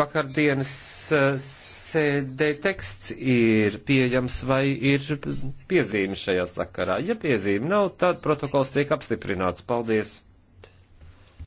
vakardienas eh, sēdē teksts ir pieejams vai ir piezīme šajā sakarā. Ja piezīme nav, tad protokols tiek apstiprināts. Paldies!